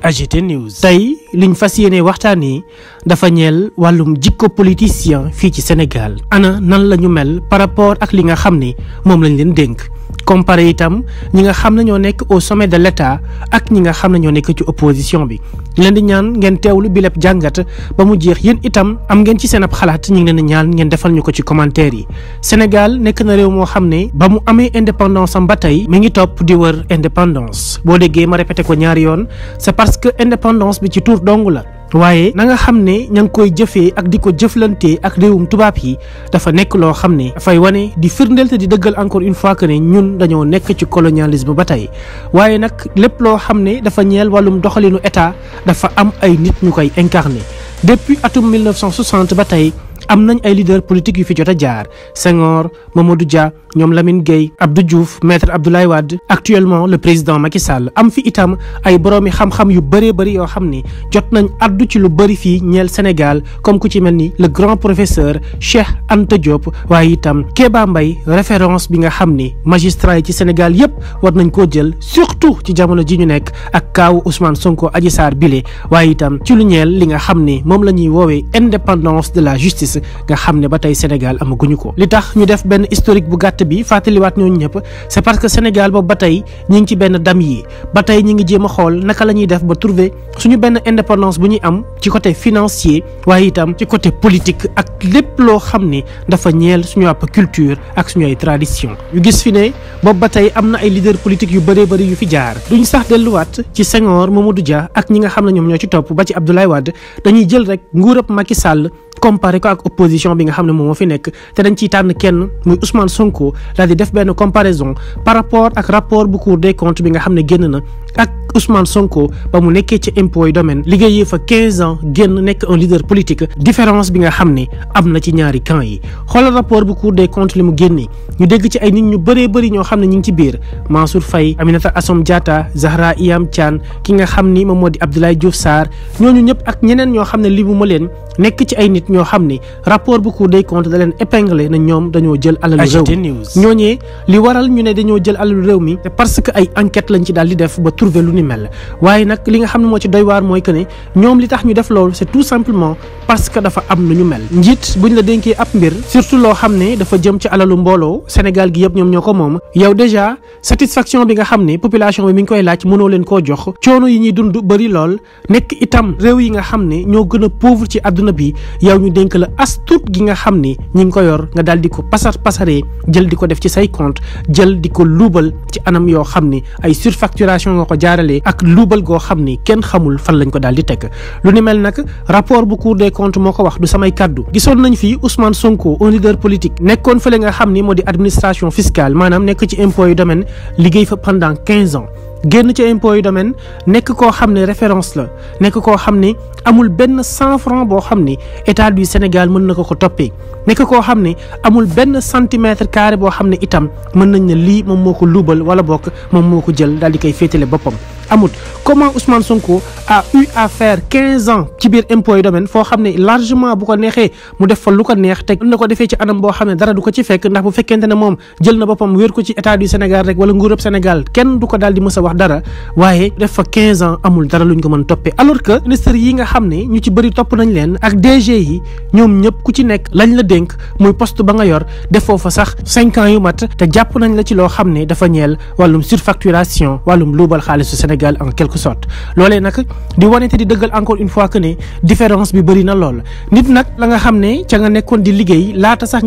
AGT News. tey liñ fas yéene waxtaan yi dafa ñeel wàllum jikko politicien fii ci Sénégal ana nan la ñu mel par rapport ak li nga xam ni moom lañ leen dénk comparé itam ñi nga xam ne ñoo nekk au sommet de l'État ak ñi nga xam ne ñoo nekk ci opposition bi ñu leen di ñaan ngeen teewlu bi lépp jàngat ba mu jeex yéen itam am ngeen ci seen ab xalaat ñu ngi ngeen defal ñu ko ci commentaire yi Sénégal nekk na réew moo xam ne ba mu amee indépendance am ba tey mi ngi topp di wër indépendance boo deggee ma répété ko ñaari yoon c'est parce que indépendance bi ci tur dong la waaye na nga xam ne ña ngi koy jëfee ak di ko jëflante ak réewum tubaab yi dafa nekk loo xam ne dafay wane di firndeel te di dëggal encore une fois que ne ñun dañoo nekk ci colonialisme ba tey waaye nag lépp dafa am ay nit ñu koy incarné depuis atum ba tey. am nañ ay leader politique yu fi jot a jaar Senghor Mamadou ja ñoom lamin Gueye Abdou Diouf maître Abdoulaye Wade actuellement le président Macky Sall am fi itam ay boroomi xam-xam yu bëree bëri yoo xam ni jot nañ addu ci lu bëri fii ñeel Sénégal comme ku ci mel ni le grand professeur Cheikh Anta Diop waaye itam Kéba mbay référence bi nga xam ni magistrat yi ci Sénégal yépp war nañ koo jël surtout ci jamono ji ñu nekk ak kaawu Ousmane Sonko Adji Sarr bile waay itam ci lu li nga xam ni moom la ñuy woowee indépendance de la justice contexte nga xam ne ba tey Sénégal amaguñu ko li tax ñu def benn historique bu gàtt bi fàttaliwaat ñooñu ñëpp c'est parce que Sénégal boobu ba tey ñi ngi ci benn dam yi ba tey ñi ngi jéem a xool naka la ñuy def ba trouver suñu benn indépendance bu ñuy am ci côté financier waaye itam ci côté politique ak lépp loo xam ne dafa ñeel suñu àpp culture ak suñu ay tradition yu gis fi ne boobu ba tey am na ay leader politique yu bëree bëri yu fi jaar duñ sax delluwaat ci Senghor Mamadou Dia ak ñi nga xam ne ñoom ñoo ci topp ba ci Abdoulaye Wade dañuy jël rek nguurab Macky Sall opposition bi nga xam ne moom moo fi nekk te dañ ciy tànn kenn muy Ousmane Sonko daal di def benn comparaison par rapport ak rapport bu Cour des comptes bi nga xam ne génn na ak Ousmane Sonko ba mu nekkee ci impôt yi domaine liggéeyee fa ans génn nekk un leader politique différence bi nga xam ne am na ci ñaari camp yi xoolal rapport bu Cour des comptes li mu génnee ñu dégg ci ay nit ñu bëree bëri ñoo xam ne ñu ngi ci biir Mansour Faye Aminata Assom Diatta Zahra Iyam Thiam ki nga xam ni moom moo di Abdoulaye Diouf ñooñu ñëpp ak ñeneen ñoo xam ne li mu ma leen nekk ci ay ñoo xam ne rapport bu Cour des comptes da leen épinglé na ñoom dañoo jël alalu réew mi ñooñee li waral ñu trouver lu ni mel waaye nag que ne ñoom li tax ñu def loolu c'est tout simplement parce que dafa am lu ñu mel njiit buñ la dénkee xam ne dafa jëm ci gi ko moom yow déjà satisfaction bi nga xam ne population bi mi ngi koy laaj nga xam ne ñoo gën a pauvre ci àdduna bi yow ñu dénk la astut gi nga xam ne ñi ngi ko yor nga daal di ko pasar pasaree jël di ko def ci say compte jël di ko luubal ci anam yoo xam ne ay surfacturation ko jaaralee ak luubal goo xam ni kenn xamul fan lañ ko daal di teg lu ni mel nag rapport bu cour des comptes moo ko wax du samay kaddu gisoon nañ fi Ousmane Sonko un leader politique nekkoon fële nga xam ni moo di administration fiscale maanaam nekk ci impôt yu domaine liggéey fa pendant quinze ans génn ci impôt yu domaine nekk koo xam ne référence la nekk koo xam ne amul benn cent franc boo xam ne état du Sénégal mën na ko ko toppee nekk koo xam ne amul benn centimètre carré boo xam ne itam mën nañ ne lii moom moo ko luubal wala bokk moom moo ko jël daal di koy féetale boppam. amut comment Ousmane Sonko a eu à faire quinze ans ci biir impôt yu foo xam ne largement bu ko neexee mu def fa lu ko neex te na ko defee ci anam boo xam ne dara ndax bu fekkente ne moom jël na boppam wéer ko ci état du wala nguurub Sénégal kenn du ko daal di mës wax dara waaye def fa 15 ans amul dara luñ ko mën toppee alors que ministère yi nga xam ne ñu ci bëri topp nañ leen ak DG yi ñoom ñëpp ku ci nekk lañ la dénk muy poste ba nga yor defoo fa sax 5 ans yu mat te jàpp nañ la ci loo xam ne dafa ñeel wàllum surfacturation wàllum luubal xaalisu Sénégal en quelque sorte loolee nag di wane te di dëggal encore une fois que ne différence bi bëri na lool nit nag la nga xam ne ca nga nekkoon di liggéey laata sax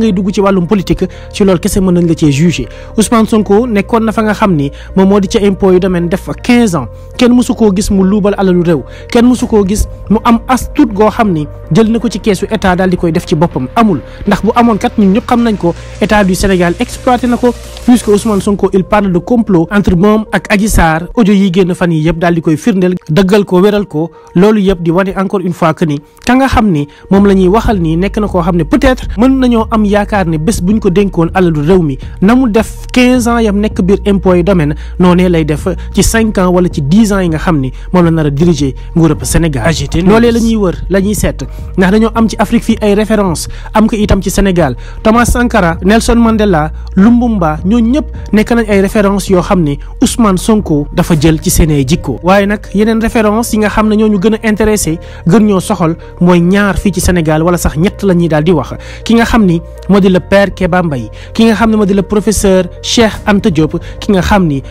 domaine def fa 15 ans kenn mësu koo gis mu luubal alalu réew kenn mësu koo gis mu am as goo xam ni jël na ko ci keesu état daal di koy def ci boppam amul ndax bu amoon kat ñun ñëpp xam nañ ko état du Sénégal exploité na ko puisque Ousmane Sonko il parle de complot entre moom ak Adji Sarr audio yi génn fan yi yëpp di koy firndeel dëggal ko wéral ko loolu yëpp di wane encore une fois ni ka nga xam ni moom la waxal nii nekk na koo xam ne peut-être mën nañoo am yaakaar ci cinq ans wala ci dix ans yi nga xam ni moom la nar a diriger nguurub Sénégal ah, loolee la ñuy wër la ñuy seet ndax dañoo am ci Afrique fii ay référence am ko itam ci Sénégal Thomas Sankara Nelson Mandela Lumumba ñooñu ñëpp nekk nañ ay référence yoo xam ne Ousmane Sonko dafa jël ci seen ay jikko waaye nag yeneen référence yi nga xam ne ñoo ñu gën a intéressé gën ñoo soxal mooy ñaar fii ci Sénégal wala sax ñett la ñuy daal di wax ki nga xam ni moo di le père Kéba ki nga xam ne moo di professeur Cheikh Anta Diop ki nga xam ni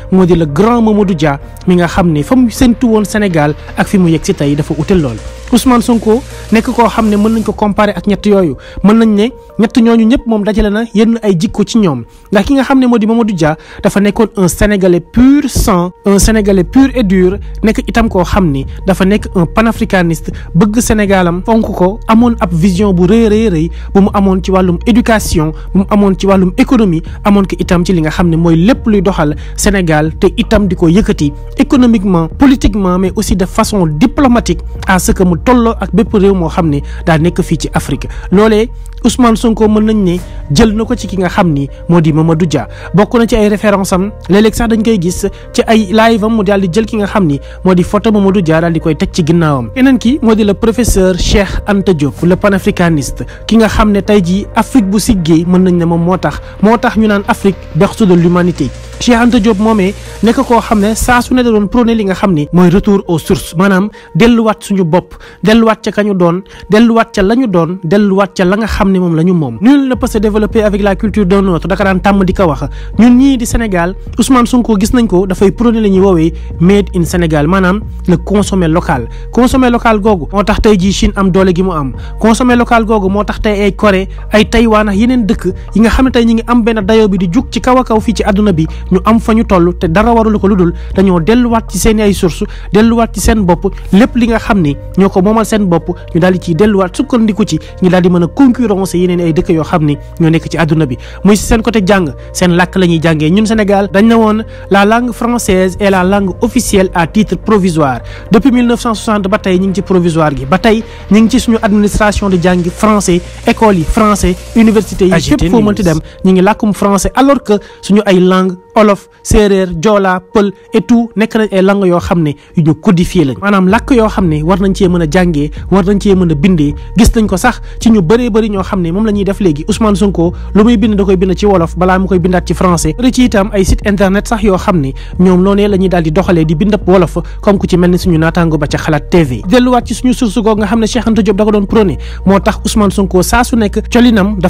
Mamadou Dia mi nga xam ni fa mu séntu woon Sénégal ak fi mu yeg si tey dafa utal lool. Ousmane Sonko nekk koo xam ne mën nañ ko comparer ak ñett yooyu mën nañ ne ñett ñooñu ñëpp moom dajale na yenn ay jikko ci ñoom ndax ki nga xam ne moo di Mamadou Dia dafa nekkoon un sénégalais pur sang un sénégalais pur et dur nekk itam koo xam ni dafa nekk un panafricaniste bëgg Sénégalam fonk ko amoon ab vision bu rëy rëy rëy bu mu amoon ci wàllum éducation bu mu amoon ci wàllum économie amoon ko itam ci li nga xam ne mooy lépp luy doxal Sénégal te itam di ko yëkkati économiquement politiquement mais aussi de façon diplomatique à tolloo ak bépp réew moo xam ne daa nekk fii ci Afrique loolee Ousmane Sonko mën nañ ne jël na ko ci ki nga xam ni moo di Mamadou Dia bokk na ci ay référence am léeg sax dañ koy gis ci ay live am mu daal di jël ki nga xam ni moo di photo Mamadou Dia daal di koy teg ci ginnaawam keneen ki moo di la professeur Cheikh Anta Diop le panafricaniste ki nga xam ne tey jii Afrique bu siggee mën nañ ne moom moo tax moo tax ñu naan Afrique berceau de l'humanité Cheikh Anta Diop moomee nekk koo xam ne saa su ne da doon prôné li nga xam ni mooy retour aux sources maanaam delluwaat suñu bopp delluwaat ca ka ñu doon delluwaat ca la ñu doon delluwaat ca la nga xam ne moom la ñu moom nul ne peut se développer avec la culture d'un autre daka daan tàmm di ko wax ñun ñii di Sénégal Ousmane ko gis nañ ko dafay prôné la ñuy woowee made in Sénégal maanaam le consommer local consommer local googu moo tax tey jii Chine am doole gi mu am consommer local googu moo tax tey ay Corée ay Taïwan ak yeneen dëkk yi nga xam ne ñu ngi am benn dayoo bi di jug ci kaw a kaw fii ci àdduna bi ñu am fa ñu toll te dara warul ko lu dul dañoo delluwaat ci seen ay source delluwaat ci seen bopp lépp li nga xam ni ñoo ko moom moomal seen bopp ñu daal di ciy delluwaat sukkandiku ci ñu daal di mën a concurrence yeneen ay dëkk yoo xam ni ñoo nekk ci àdduna bi muy si seen côté jàng seen làkk la ñuy jàngee ñun Sénégal dañ na woon la langue française est la langue officielle à titre provisoire depuis 1960 ba tey ñu ngi ci provisoire gi ba tey ñu ngi ci suñu administration di jàngi français école yi français université yi fépp foo mënti dem ñu ngi làkkum français alors que suñu ay langue olof séeréer joola pël et nekk nañ ay langue yoo xam ne yu ñu codifié lañ maanaam làkk yoo xam ne war nañ cee mën a jàngee war nañ cee mën a bindee gis nañ ko sax ci ñu bëree bëri ñoo xam ne moom la ñuy def léegi Ousmane Sonko lu muy bind da koy bind ci wolof balaa mu koy bindaat ci français bëri ci itam ay site internet sax yoo xam ne ñoom noonee la ñuy daal di doxalee di bind ab wolof comme ku ci mel ni suñu naataango ba ca xalaat TV delluwaat ci suñu source googu nga xam ne Cheikh Anta Diop da ko doon prôné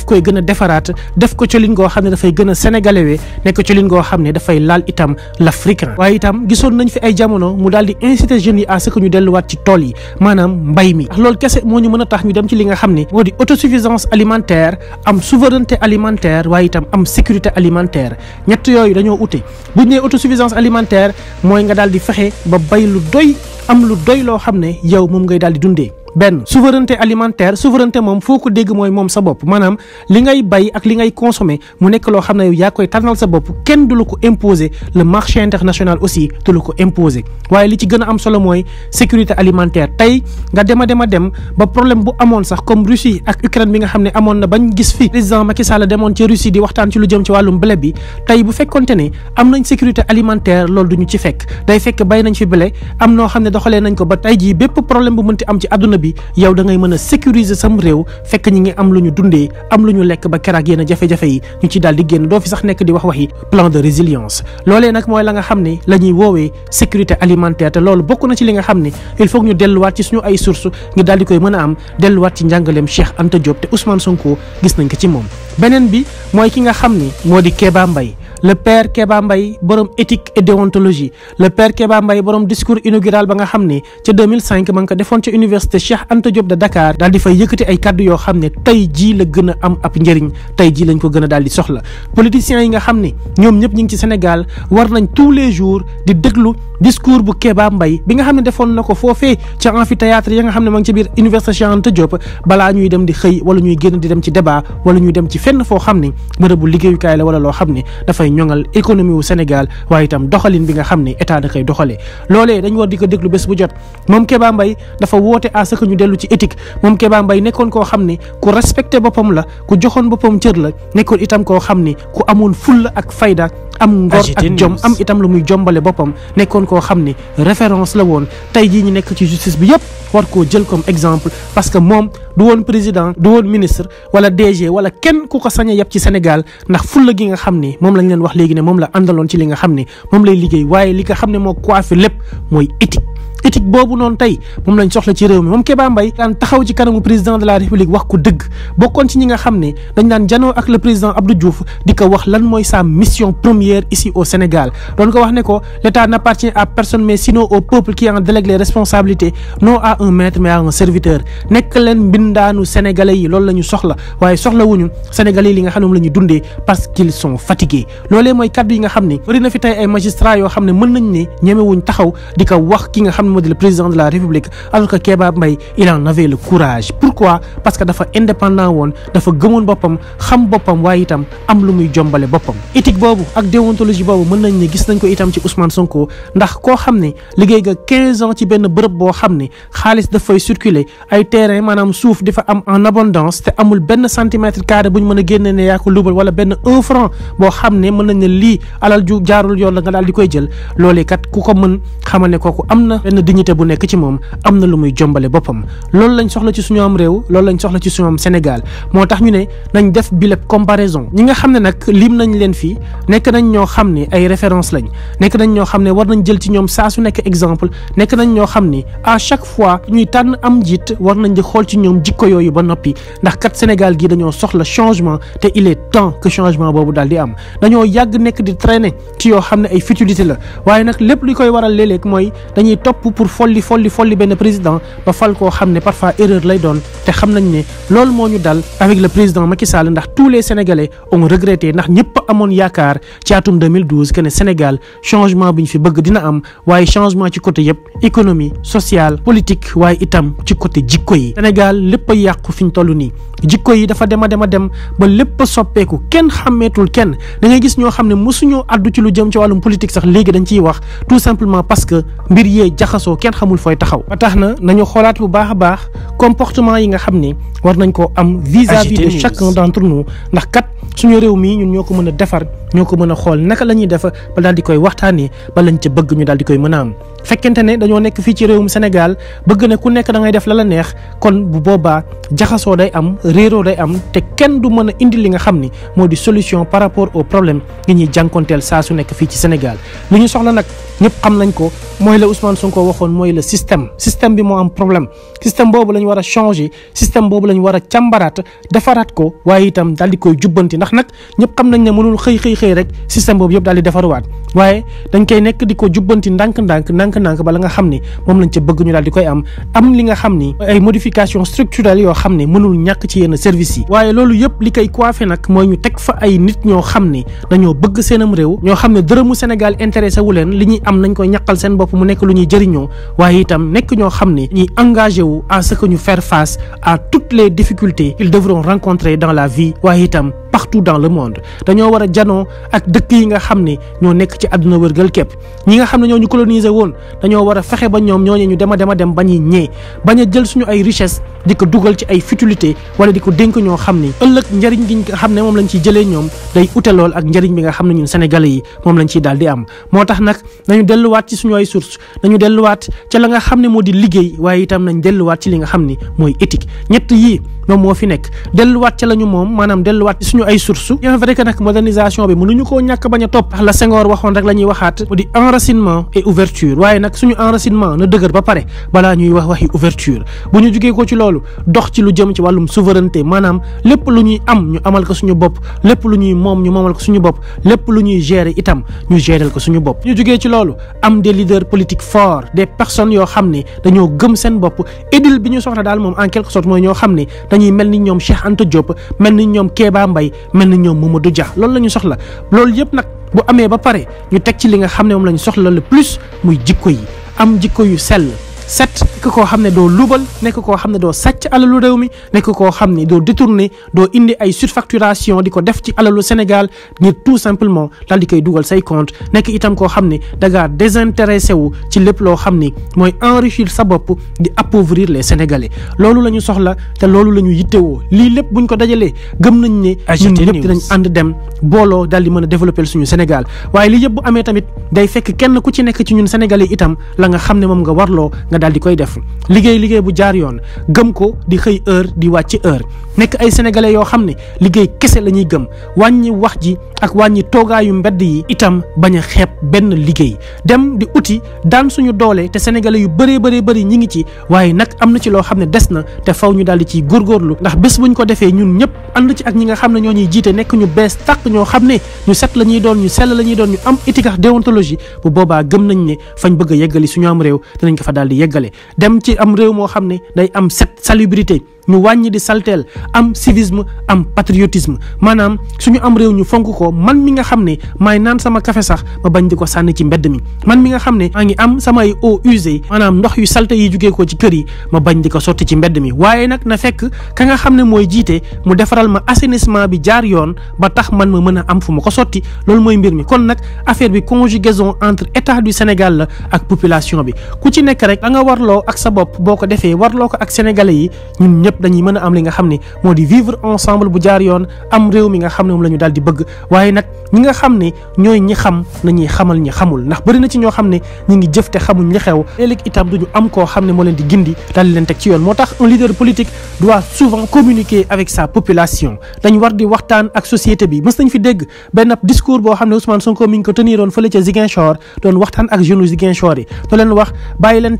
koy a defaraat def xam ne dafay laal itam l'Afrique waaye itam gisoon nañ fi ay jamono mu daal di inciter jeunes yi à ce que ñu delluwaat ci tool yi maanaam mbay mi ndax loolu kese moo ñu mën a tax ñu dem ci li nga xam ne moo di autosuffisance alimentaire am souveraineté alimentaire waaye itam am sécurité alimentaire ñett yooyu dañoo ute bu ñu nee autosuffisance alimentaire mooy nga daal di fexe ba bay lu doy am lu doy loo xam ne yow moom ngay daal di dundee benn souverainté alimentaire souveraineté moom foo ko dégg mooy moom sa bopp maanaam li ngay bay ak li ngay consommer mu nekk loo xam ne yow yaa koy tànnal sa bopp kenn du la ko imposer le marché international aussi du la ko imposer waaye li ci gën a am solo mooy sécurité alimentaire tey nga dem a dem a dem ba problème bu amoon sax comme Russie ak Ukraine bi nga xam ne amoon na bañ gis fi président Macky Sall demoon ci Russie di waxtaan ci lu jëm ci wàllum blé bi tey ne am nañ sécurité alimentaire loolu duñu ci fekk day fekk bay nañ fi blé am noo xam ne doxalee nañ ko ba tey jii bépp problème am ci àdduna bi yow da ngay mën a sécuriser sam réew fekk ñi ngi am lu ñu dundee am lu ñu lekk ba keraag yenn jafe-jafe yi ñu ci daal di génn doo fi sax nekk di wax waxi plan de résilience loolee nag mooy la nga xam ne la ñuy woowee sécurité alimentaire te loolu bokk na ci li nga xam ni il foog ñu delluwaat ci suñu ay source ngir daal di koy mën a am delluwaat ci njàngaleem Cheikh Anta Diop te Ousmane Sonko gis nañ ko ci moom beneen bi mooy ki nga xam ni moo di Kéba Mbaye le père Kéba mbay borom éthique et déontologie le père Kéba mbay borom discours inaugural ba nga xam ne ca 2005 ma ngi ko defoon ca université Cheikh Anta Diop de Dakar daal di fay yëkkati ay kàddu yoo xam ne tey jii la gën a am ab njëriñ tey jii lañ ko gën a daal di soxla politiciens yi nga xam ne ñoom ñëpp ñu ngi ci Sénégal war nañ tous les jours di déglu discours bu Kéba Mbaye bi nga xam ne defoon na ko foofee ca amphithéâtre ya nga xam ne ma ngi ci biir université Cheikh Anta ñuy dem di xëy wala ñuy di dem ci débat wala ñuy dem ci fenn foo xam ne bërëbu liggéeyukaay la wala loo xam ne dafay ñoŋal économie wu Sénégal waaye itam doxalin bi nga xam ne état da koy doxalee loolee dañ war di ko déglu bés bu jot moom Kéba Mbaye dafa woote à ce ñu dellu ci éthique moom Kéba Mbaye nekkoon koo xam ne ku respecté boppam la ku joxoon boppam cër la nekkoon itam koo xam ne ku amoon la ak fayda am ngor ak jom am itam la muy jombale boppam nekkoon koo xam ni référence la woon tey jii ñu nekk ci justice bi yëpp war koo jël comme exemple parce que moom du woon président du woon ministre wala DG wala kenn ku ko sañ a ci Sénégal ndax fulla gi nga xam ni moom lañ leen wax léegi ne moom la àndaloon ci li nga xam ni moom lay liggéey waaye li nga xam ne moo coiffé lépp mooy éthique éthique boobu noonu tey moom lañ soxla ci réew mi moom Kéba Mbaye daan taxaw ci kanamu président de la république wax ko dëgg bokkoon ci ñi nga xam ne dañ daan janoo ak le président Abdou Diouf di ko wax lan mooy sa mission première ici au Sénégal doon ko wax ne ko l'état n'appartient à personne mais sinon au peuple qui en délègue les responsabilités non à un maître mais à un serviteur nekk leen mbindaanu sénégalais yi loolu la ñu soxla waaye soxla wuñu sénégalais li nga xam ne moom la ñu xam ne bëri na fi tey ay magistrats yoo xam wax ki nga xam moo di le président de la république alors que Kéba Mbaye il en avait le courage pourquoi parce que dafa indépendant woon dafa gëmoon boppam xam boppam waaye itam am lu muy jombale boppam éthique boobu ak déontologie boobu mën nañ ne gis nañ ko itam ci Ousmane Sonko ndax koo xam ne liggéey nga 15 ci benn bërëb boo xam ne xaalis dafay circuler ay terrain maanaam suuf di fa am en abondance te amul benn centimètre carré bu ñu mën a génne ne yaa ko lubal wala benn un franc boo xam ne mën nañ ne lii alal ju jaarul yoon la nga daal di koy jël loolee kat ko mën na dignité bu nekk ci moom am na lu muy jombale boppam loolu lañ soxla ci suñu am réew loolu lañ soxla ci suñu am Sénégal moo tax ñu ne nañ def bileb comparaison ñi nga xam ne nag lim nañ leen fii nekk nañ ñoo xam ne ay référence lañ nekk nañ ñoo xam ne war nañ jël ci ñoom saa su nekk exemple nekk nañ ñoo xam ni à chaque fois ñuy tànn am jiit war nañ di xool ci ñoom jikko yooyu ba noppi ndax kat Sénégal gi dañoo soxla changement te il temps que changement boobu daal di am dañoo yàgg nekk di traîner ci xam ne ay futilité la waaye nag lépp li koy waral léeg-léeg mooy dañuy topp pour folli folli folli benn président ba fal koo xam ne parfois erreur lay doon te xam nañ ne lool moo ñu dal avec le président Macky Sall ndax tous les Sénégalais ont regretté ndax ñëpp amoon yaakaar ci atum 2012 que ne Sénégal changement bi ñu fi bëgg dina am waaye changement ci côté yëpp économie sociale politique waaye itam ci côté jikko yi Sénégal lépp a yàqu fi ñu toll nii soppeeku kenn xàmmeetul kenn da ngay gis ñoo xam ne mosuñoo addu ci lu jëm ci wàllum politique sax léegi dañ ciy wax tout simplement parce que mbir yee jaxasoo kenn xamul fooy taxaw ba tax na nañu xoolaat bu baax a baax comportement yi nga xam ne war nañ ko am vis-à-vis de d'entre nous ndax kat suñu réew mii ñun ñoo ko mën a defar ñoo ko mën a xool naka la ñuy def ba daal di koy waxtaanee ba lañ ca bëgg ñu daal di koy mën a am fekkente ne dañoo nekk fii ci réewum Sénégal bëgg ne ku nekk dangay def la la neex kon bu boobaa jaxasoo day am réeroo day am te kenn du mën a indi li nga xam ni moo di solution par rapport au problème ngi ñuy jànkonteel saa su nekk fii ci Sénégal li ñu soxla nag ñëpp xam nañ ko mooy la Ousmane Sonko waxoon mooy la système système bi moo am problème système boobu la ñu war a changer système boobu la ñu war a càmbaraat defaraat ko waaye itam dal di koy jubbanti ndax nag ñëpp xam nañ ne mënul xëy xëy xëy rek système boobu yëpp dal di defaruwaat waaye dañ koy nekk di ko jubbanti ndànk-ndànk ndànk-ndànk bala nga xam ni moom lañ ca bëgg ñu daal koy am am li nga xam ni ay modification structurelle yoo xam ne mënul ñàkk ci yenn service yi waaye loolu yëpp li koy coiffé nag mooy ñu teg fa ay nit ñoo xam ne dañoo bëgg seenam réew ñoo xam ne dërëmu Sénégal intéressé wu leen li ñuy am nañ koy ñaqal seen bopp mu nekk lu ñuy jëriñoo waaye itam nekk ñoo xam ne ñuy engagé wu à ce que ñu faire face à toutes les difficultés qu'ils devront rencontrer dans la vie waaye itam partout dans le monde dañoo war a janoo ak dëkk yi nga xam ne ñoo nekk ci àdduna wërgal képp ñi nga xam dañoo war a fexe ba ñoom ñooñu ñu dem a dem a dem bañuy ñee bañ a jël suñu ay richesse di ko dugal ci ay futilité wala di ko dénk ñoo xam ni ëllëg njëriñ gi nga xam ne moom lañ ciy jëlee ñoom day ute ak njëriñ bi nga xam ne ñun sénégalais yi moom lañ ciy daal di am moo tax nag nañu delluwaat ci suñu ay source nañu delluwaat ca la nga xam ne moo di liggéey waaye itam nañ delluwaat ci li nga xam ni mooy éthique ñett yii ñoom moo fi nekk delluwaat ca la moom maanaam delluwaat ci suñu ay sources bien vrai que nag modernisation bi mënuñu koo ñàkk bañ a topp la Senghor waxoon rek la ñuy waxaat mu di enracinement et ouverture waaye nag suñu enracinement na dëgër ba pare balaa ñuy wax waxi ouverture bu ñu jugee ko ci loolu dox ci lu jëm ci wàllum souveraineté maanaam lépp lu ñuy am ñu amal ko suñu bopp lépp lu ñuy moom ñu moomal ko suñu bopp lépp lu ñuy gérer itam ñu gérer ko suñu bopp ñu jugee ci loolu am des leaders politiques forts des yoo xam ne dañoo gëm seen bopp édile bi ñu soxla daal moom en quelque sorte mooy xam ne dañuy mel ni ñoom Cheikh Anta Diop mel ni ñoom Kéba mbay mel ni ñoom Mamadou Dia loolu la ñu soxla loolu yëpp nag bu amee ba pare ñu teg ci li nga xam ne moom la ñu soxla le plus muy jikko yi am jikko yu sell set nekk koo xam ne doo luubal nekk koo xam ne doo sàcc alalu réew mi nekk koo xam ne doo détourné doo indi ay surfacturation di ko def ci alalu Sénégal ngir tout simplement daal di koy dugal say compte nekk itam koo xam ne da ngaa désintéressé wu ci lépp loo xam ni mooy enrichir sa bopp di appauvrir les Sénégalais loolu la ñu soxla te loolu la ñu yittewoo lii lépp buñ ko dajalee gëm nañ ne ñun ñëpp dinañ ànd dem booloo daal di mën a suñu Sénégal waaye lii yëpp bu amee tamit day fekk kenn ku ci nekk ci ñun Sénégalais itam la nga xam ne moom nga warloo nga daal di koy def liggéey liggéey bu jaar yoon gëm ko di xëy heure di wàcc heure nekk ay sénégalais yoo xam ne liggéey kese la ñuy gëm wàññi wax ji ak wàññi toogaayu mbedd yi itam bañ a benn liggéey dem di uti daan suñu doole te sénégalais yu bare bëree bëri ñi ngi ci waaye nag am na ci loo xam ne des na te faw ñu daal di ciy góorgóorlu ndax bés ñu ko defee ñun ñëpp ànd ci ak ñi nga xam ne ñoo ñuy jiite nekk ñu bees tàq ñoo xam ne ñu set la ñuy doon ñu sell la ñuy doon ñu am éthique déontologie bu boobaa gëm nañ ne fañ bëgg a suñu am réew dinañ ko fa daal yeggale dem ci am réew moo xam ne day am set salubrité ñu wàññi di saltel am civisme am patriotisme maanaam suñu am réew ñu fonk ko man mi nga xam ne maay naan sama kafe sax ma bañ di ko sànni ci mbedd mi man mi nga xam ne maa ngi am samay eau usée maanaam ndox yu salte yi jugee ko ci kër yi ma bañ di ko sotti ci mbedd mi waaye nag na fekk ka nga xam ne mooy jiite mu defaral ma assainissement bi jaar yoon ba tax man ma mën a am fu ma ko sotti loolu mooy mbir mi kon nag affaire bi conjugaison entre état du Sénégal la ak population bi ku ci nekk rek da nga warloo ak sa bopp boo ko defee warloo ko ak sénégalais yi ñëpp dañuy mën a am li nga xam ne moo di vivre ensemble bu jaar yoon am réew mi nga xam ne moom la ñu di bëgg waaye nag ñi nga xam ne ñooy ñi xam nañuy xamal ñi xamul ndax bëri na ci ñoo xam ne ñi ngi jëf te xamuñ koo xam ne moo leen di gindi daal di leen teg ci yoon moo tax un leader politique doit souvent communiquer avec sa population dañ war di waxtaan ak société bi mës fi dégg benn discours boo xam ne Ousmane Sonko mi ngi ko teniroon fële leen wax bàyyi leen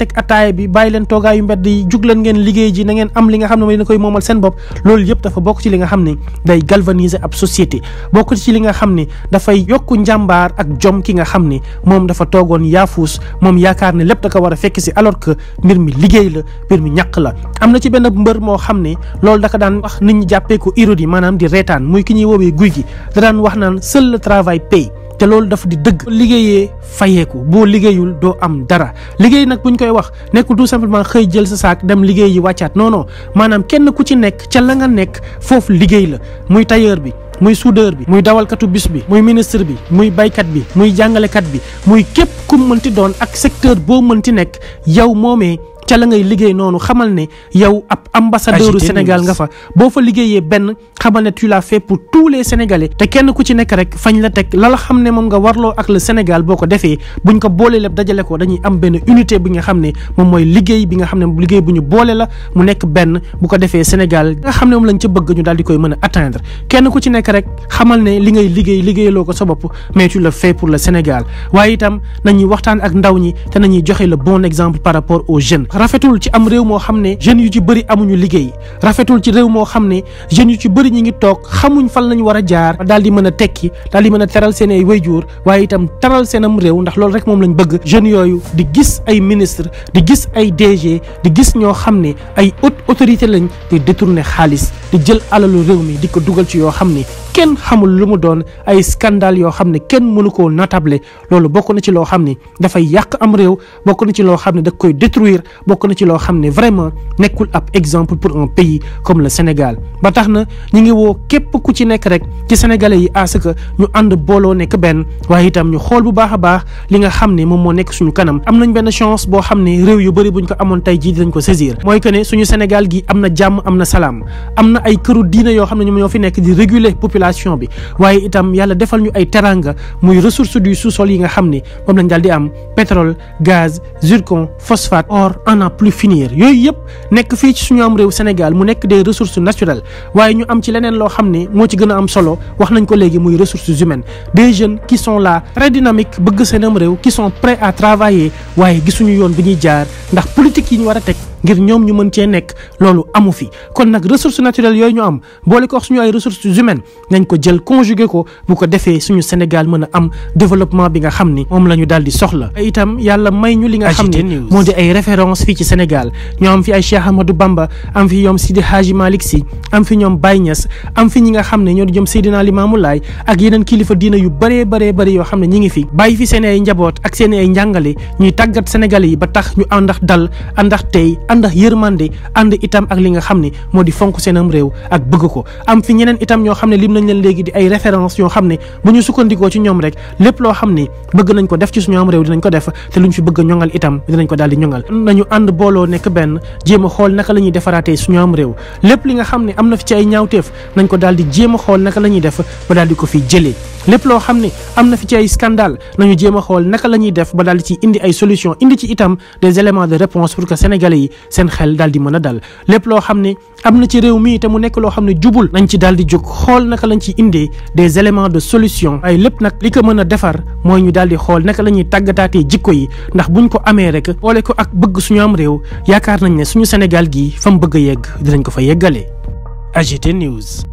ne yéen koy moomal seen bopp loolu yëpp dafa bokk ci li nga xam ne day galvaniser ab société bokk ci li nga xam ne dafay yokk njàmbaar ak jom ki nga xam ni moom dafa toogoon yaafuus moom yaakaar ne lépp da war a fekk si alors que mbir mi liggéey la mbir mi ñàkk la am na ci benn mbër moo xam ne loolu da daan wax nit ñi jàppee ko irodi maanaam di reetaan muy ki ñuy woowee guy gi da daan wax naan seul le travail paye te loolu dafa di dëgg liggéeyee fayeeku boo liggéeyul doo am dara liggéey nag ñu koy wax nekkul tout simplement xëy jël sa saak dem liggéey yi wàccaat noonoo maanaam kenn ku ci nekk ca la nga nekk foofu liggéey la muy tailleur bi muy soudeur bi muy dawalkatu bis bi muy ministre bi muy baykat bi muy jàngalekat bi muy képp ku mënti doon ak secteur boo mënti nekk yow moomee ca la ngay liggéey noonu xamal ne yow ab ambassadeur Sénégal nga fa boo fa liggéeyee benn xamal ne tu l'as fait pour tous les Sénégalais te kenn ku ci nekk rek fañ la teg la la xam ne moom nga warloo ak Sénégal boo ko defee buñ ko boolee lépp dajale ko dañuy am benn unité bi nga xam ne moom mooy liggéey bi nga xam ne liggéey bu ñu boole mu nekk benn bu ko defee Sénégal nga xam ne moom lañ ca bëgg ñu daal di koy mën a atteindre kenn ku ci nekk rek xamal ne li ngay liggéey liggéeyloo ko sa bopp mais tu le fais pour le Sénégal waaye itam nañuy waxtaan ak ndaw ñi te na ñuy joxe la bon exemple par rapport aux jeune rafetul ci am réew moo xam ne jeunes yu ci bëri amuñu liggéey rafetul ci réew moo xam ne jeunes yu ci bëri ñi ngi toog xamuñ fan lañ war a jaar daal di mën a tekki dal di mën a teral seen ay wayjuur waaye itam taral seen am réew ndax loolu rek moom lañ bëgg jeunes yooyu di gis ay ministre di gis ay DG di gis ñoo xam ne ay haute autorité lañ di détourner xaalis di jël alalu réew mi di ko dugal ci yoo xam ne kenn xamul lu mu doon ay scandale yoo xam ne kenn mënu koo natable loolu bokk na ci loo xam ni dafay yàq am réew bokk na ci loo xam ne da koy détruire bokk na ci loo xam ne vraiment nekkul ab exemple pour un pays comme le Sénégal ba tax na ñu ngi woo képp ku ci nekk rek ci sénégalais yi à que ñu ànd booloo nekk benn waaye itam ñu xool bu baax a baax li nga xam ne moom moo nekk suñu kanam am nañ benn chance boo xam ne réew yu bari buñ ko amoon tey jii dinañ ko saisir mooy que ne suñu Sénégal gi am na jàmm am na salaam am na ay këru yoo xam ne ñoo fi nekk di réguler population bi waaye itam yàlla defal ñu ay teranga muy ressource du sous-sol yi nga xam ne moom lañ daal am pétrole gaz zircon phosphate or en a plus finir yooyu yëpp nekk fii ci suñu am réew Sénégal mu nekk des ressources naturelles waaye ñu am ci leneen loo xam ne moo ci gën a am solo wax nañ ko léegi muy ressources humaines des jeunes qui sont là très dynamiques bëgg seen am réew qui sont prêts à travailler waaye gisuñu yoon bi ñuy jaar ndax politique yi ñu war ngir ñoom ñu mën cee nekk loolu amu fi kon nag ressources naturelles yooyu ñu am boole ko wax suñu ay ressources humaines nañ ko jël conjuguer ko bu ko defee suñu Sénégal mën a am développement bi nga xam ni moom la ñu daal di soxla itam yàlla may ñu li nga xam ni moo di ay référence fii ci Sénégal ñoo am fi ay Cheikh Ahmadou Bamba am fi ñoom Sidi Hadji Malick Sy am fi ñoom Baye Niass am fi ñi nga xam ne ñoo di ñoom Seydina Limamou Laye ak yeneen kilifa diina yu bëree bëree bëri yoo xam ne ñi ngi fi bàyyi fi seen ay ak seen ay njàngale ñuy tàggat Sénégalais yi ba tax ñu àndax dal àndax tey ànd ak yërmande ànd itam ak li nga xam ne moo di fonk seenam réew ak bëgg ko am fi ñeneen itam ñoo xam ne lim nañ leen léegi di ay référence yoo xam ne bu ñu sukkandikoo ci ñoom rek lépp loo xam ne am a ñoŋal itam dinañ ko daal di ñoŋal nañu ànd booloo nekk benn jéem a na fi ci ay ñaawteef nañ ko daal di a xool naka la ñuy def ba daal na ci a indi ay solution indi ci itam des éléments de réponse pour que sénégalais yi seen xel daal di mën a dal lépp loo xam ne am na ci réew mi te mu nekk loo xam ne jubul nañ ci daal di jóg xool naka lañu ci indee des éléments de solutions ay lépp nag li ko mën a defar mooy ñu daal di xool naka la ñuy tàggataatee jikko yi ndax bu ñu ko amee rek boole ko ak bëgg suñu am réew yaakaar nañ ne suñu Sénégal gi fa mu bëgg a yegg dinañ ko fa yeggalee AGT News